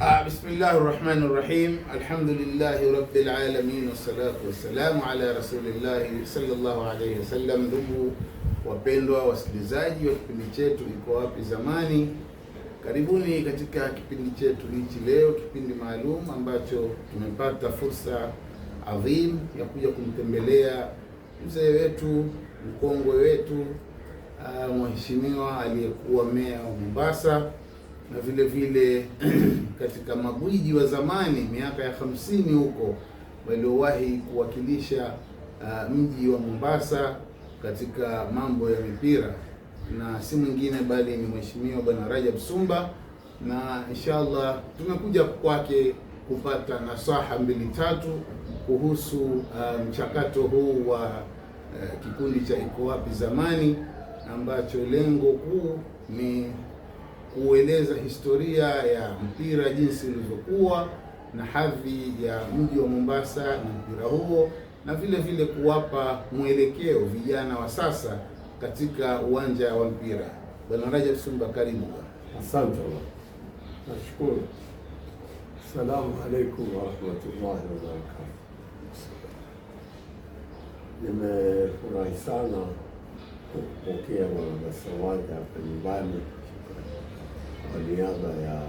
Ah, Bismillahi rahmani rahim, alhamdulillahi rabbil alamin, wassalatu wassalamu ala rasulillahi sallallahu alayhi wasallam. Ndugu wapendwa wasikilizaji wa kipindi chetu Iko Wapi Zamani, karibuni katika kipindi chetu hichi leo, kipindi maalum ambacho tumepata fursa adhim ya kuja kumtembelea mzee wetu mkongwe wetu, uh, mheshimiwa aliyekuwa meya wa Mombasa na vile vile katika magwiji wa zamani miaka ya hamsini huko waliowahi kuwakilisha uh, mji wa Mombasa katika mambo ya mipira, na si mwingine bali ni mheshimiwa bwana Rajab Sumba, na inshallah tumekuja kwake kupata nasaha mbili tatu kuhusu uh, mchakato huu wa uh, kikundi cha Iko Wapi Zamani ambacho lengo kuu ni kueleza historia ya mpira jinsi ilivyokuwa na hadhi ya mji wa Mombasa na mpira huo, na vile vile kuwapa mwelekeo vijana wa sasa katika uwanja wa mpira. Bwana Rajab Sumba, karibu. Asante, nashukuru. Assalamu alaikum warahmatullahi wabarakatu. Nimefurahi sana kupokea mwanabasawadi hapa nyumbani kwa niaba ya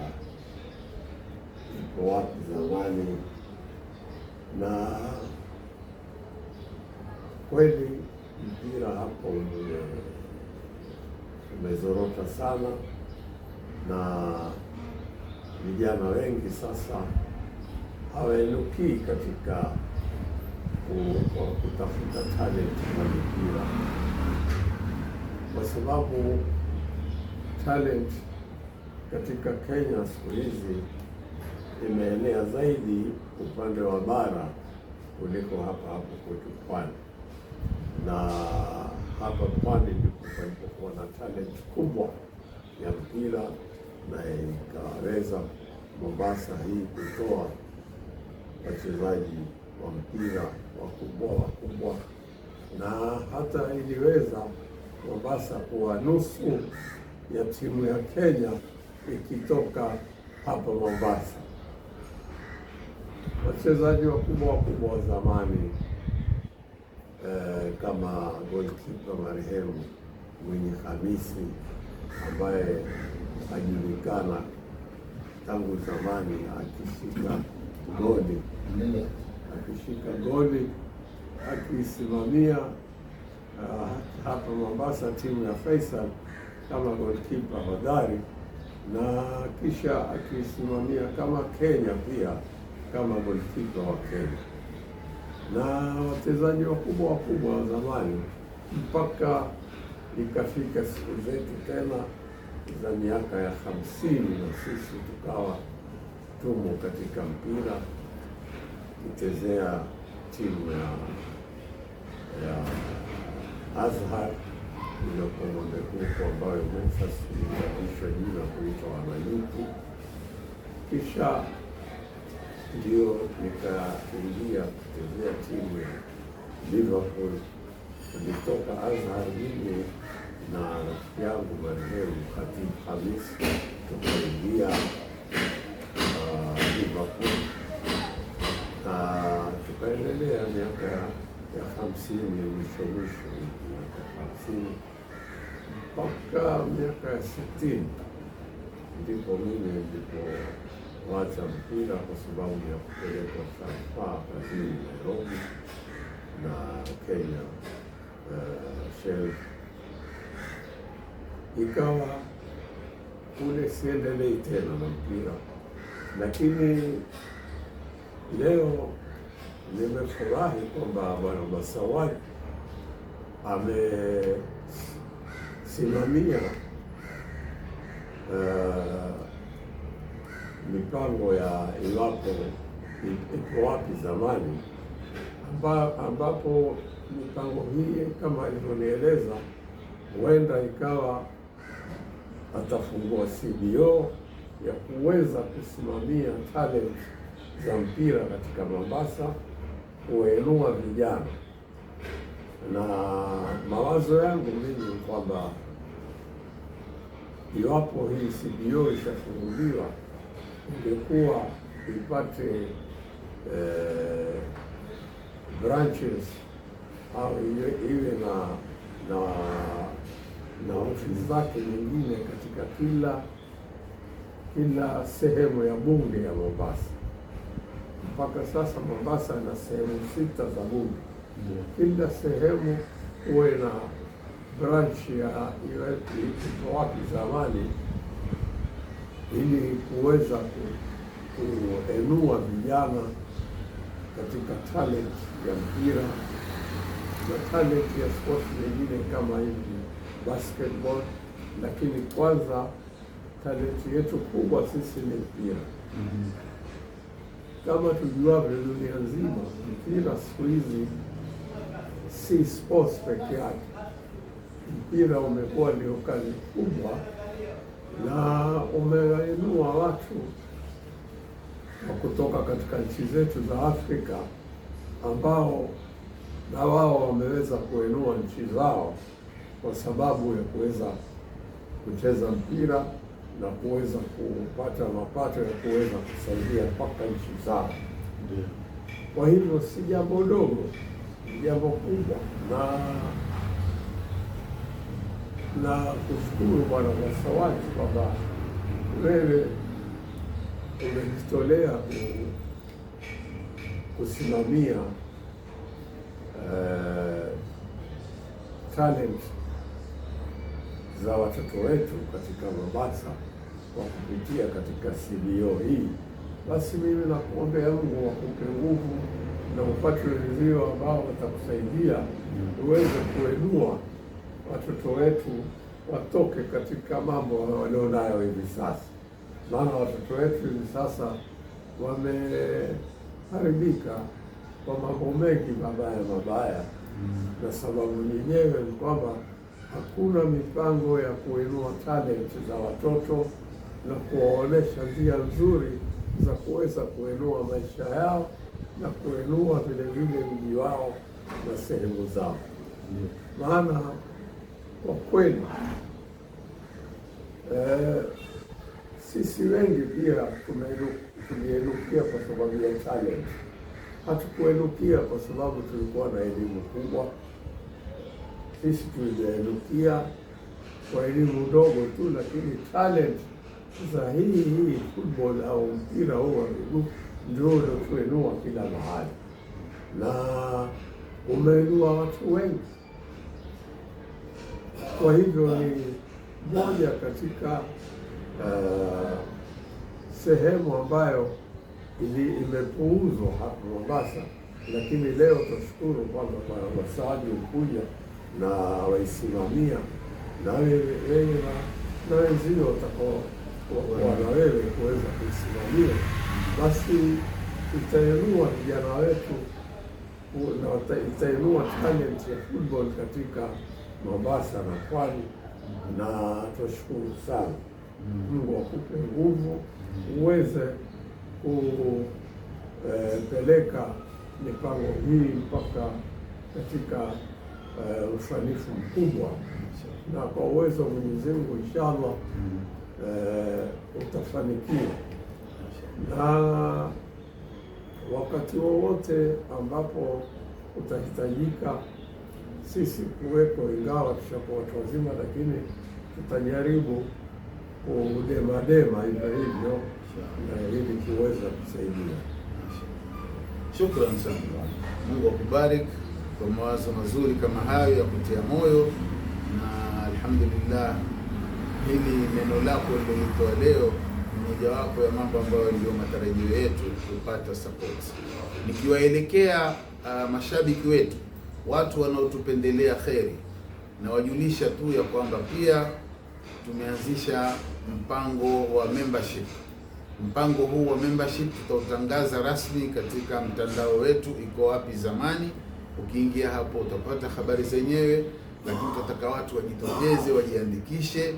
KOWATU zamani, na kweli mpira hapo umezorota sana, na vijana wengi sasa hawainukii katika kwa kutafuta talenti na mpira kwa sababu talenti katika Kenya siku hizi imeenea zaidi upande wa bara kuliko hapa hapo kwetu pwani, na hapa pwani ndipo palipokuwa na talenti kubwa ya mpira na ikaweza Mombasa hii kutoa wachezaji wa mpira wakubwa wakubwa, na hata iliweza Mombasa kuwa nusu ya timu ya Kenya ikitoka hapa Mombasa, wachezaji wakubwa wakubwa wa zamani eh, kama golkipa marehemu Mwinyi Hamisi ambaye ajulikana tangu zamani akishika goli akishika goli akisimamia uh, hapa Mombasa timu ya Faisal kama golkipa hodari na kisha akisimamia kama Kenya pia kama golikipa wa Kenya na wachezaji wakubwa wakubwa wa zamani, mpaka ikafika siku zetu tena za miaka ya hamsini na sisi tukawa tumo katika mpira kuchezea timu ya, ya Azhar inakuwa mekuko ambayo Moses juu na kuitwa Amaleki, kisha ndio nikaingia kuchezea timu ya Liverpool. Nilitoka Azhar mimi na rafiki yangu marehemu Khatib Hamis, tukaingia ah, Liverpool na tukaendelea miaka ya hamsini ilishawishi miaka hamsini mpaka miaka ya sitini ndipo mimi nilipowacha mpira kwa sababu ya kupelekwa TANFA kazini Nairobi na Kenya eh, Shelf, ikawa kule siendelei tena na mpira, lakini leo nimefurahi kwamba Bwana Masawa amesimamia uh, mipango ya iwapo iko wapi zamani, ambapo mipango hii kama alivyonieleza, huenda ikawa atafungua CBO ya kuweza kusimamia talent za mpira katika Mombasa kuenua vijana, na mawazo yangu mimi ni kwamba iwapo hii CBO ishafunguliwa ingekuwa ipate eh, branches au iwe na na na ofisi zake nyingine katika kila kila sehemu ya bunge ya Mombasa mpaka sasa Mombasa na sehemu sita za bunge yeah. Kila sehemu huwe na branch ya wapi zamani, ili kuweza kuenua vijana katika talent ya mpira na talent ya sports nyingine kama hivi basketball, lakini kwanza talent yetu kubwa sisi ni mpira. mm -hmm kama tujuavyo, dunia nzima mpira siku hizi si sports peke yake. Mpira umekuwa ndio kazi kubwa na umewainua watu wa kutoka katika nchi zetu za Afrika ambao na wao wameweza kuinua nchi zao kwa sababu ya kuweza kucheza mpira na kuweza kupata mapato ya kuweza kusaidia mpaka nchi zao. Kwa hivyo si jambo dogo, ni jambo kubwa, na na kushukuru Bwana Gasawati kwamba wewe umejitolea kusimamia uh, talent za watoto wetu katika Mombasa kwa kupitia katika CBO hii, basi mimi nakuombea Mungu akupe nguvu na upate wenzio ambao watakusaidia mm. uweze kuinua watoto wetu watoke katika mambo walionayo hivi sasa, maana watoto wetu hivi sasa wameharibika kwa mambo mengi mabaya mabaya, mm. na sababu yenyewe ni kwamba hakuna mipango ya kuinua talenti za watoto na kuwaonesha njia nzuri za kuweza kuenua maisha yao na kuenua vile vile mji wao na sehemu zao. Maana kwa kweli eh, sisi wengi pia tulienukia kwa sababu ya challenge. Hatukuenukia kwa sababu tulikuwa na elimu kubwa. Sisi tuliaenukia kwa elimu ndogo tu, lakini talent sasa hii hii football au mpira huu wa miguu ndio unakuinua kila mahali na umeinua watu wengi. Kwa hivyo ni moja katika uh, sehemu ambayo imepuuzwa hapa Mombasa, lakini leo tashukuru kwamba wasaji ukuja na waisimamia na wenyewe na wenzio watakuwa wana wewe kuweza kuisimamia, basi itainua vijana wetu na itainua talent ya football katika Mombasa na Pwani, na tushukuru sana. Mungu akupe nguvu uweze kupeleka eh, e, mipango hii mpaka katika e, mkubwa, na kwa uwezo wa Mwenyezi Mungu inshallah uh, utafanikiwa na wakati wowote ambapo utahitajika sisi kuwepo, ingawa tushakuwa watu wazima, lakini tutajaribu kudemadema hivyo hivyo ili kuweza kusaidia. Shukran sana. Mungu akubariki kwa mawazo mazuri kama hayo ya kutia moyo, na alhamdulillah hili neno lako lilitoa leo mojawapo ya mambo ambayo ndio matarajio yetu kupata support, nikiwaelekea uh, mashabiki wetu, watu wanaotupendelea kheri, na wajulisha tu ya kwamba pia tumeanzisha mpango wa membership. Mpango huu wa membership tutautangaza rasmi katika mtandao wetu Iko Wapi Zamani. Ukiingia hapo utapata habari zenyewe, lakini tutataka watu wajitokeze, wajiandikishe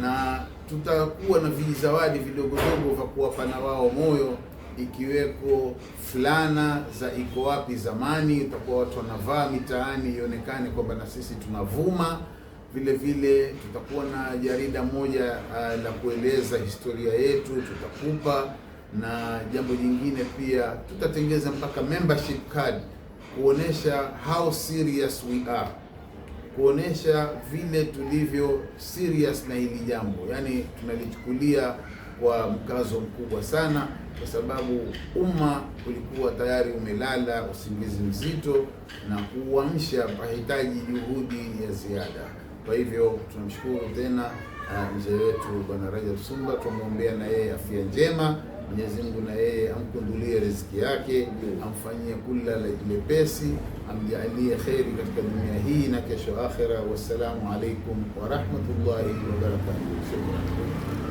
na tutakuwa na vijizawadi vidogo dogo vya kuwapa na wao moyo, ikiweko fulana za iko wapi zamani, utakuwa watu wanavaa mitaani ionekane kwamba na sisi tunavuma. Vile vile tutakuwa na jarida moja uh, la kueleza historia yetu tutakupa, na jambo jingine pia tutatengeza mpaka membership card kuonesha how serious we are kuonesha vile tulivyo serious na hili jambo, yaani tunalichukulia kwa mkazo mkubwa sana, kwa sababu umma ulikuwa tayari umelala usingizi mzito na kuamsha pahitaji juhudi ya ziada. Kwa hivyo tunamshukuru tena ah, mzee wetu Bwana Rajab Sumba, tumwombea na yeye afya njema. Mwenyezi Mungu na yeye amkundulie riziki yake, mm. amfanyie kula lepesi, amjalie kheri katika dunia hii na kesho akhira. Wassalamu alaikum warahmatullahi wabarakatuh. Shukran.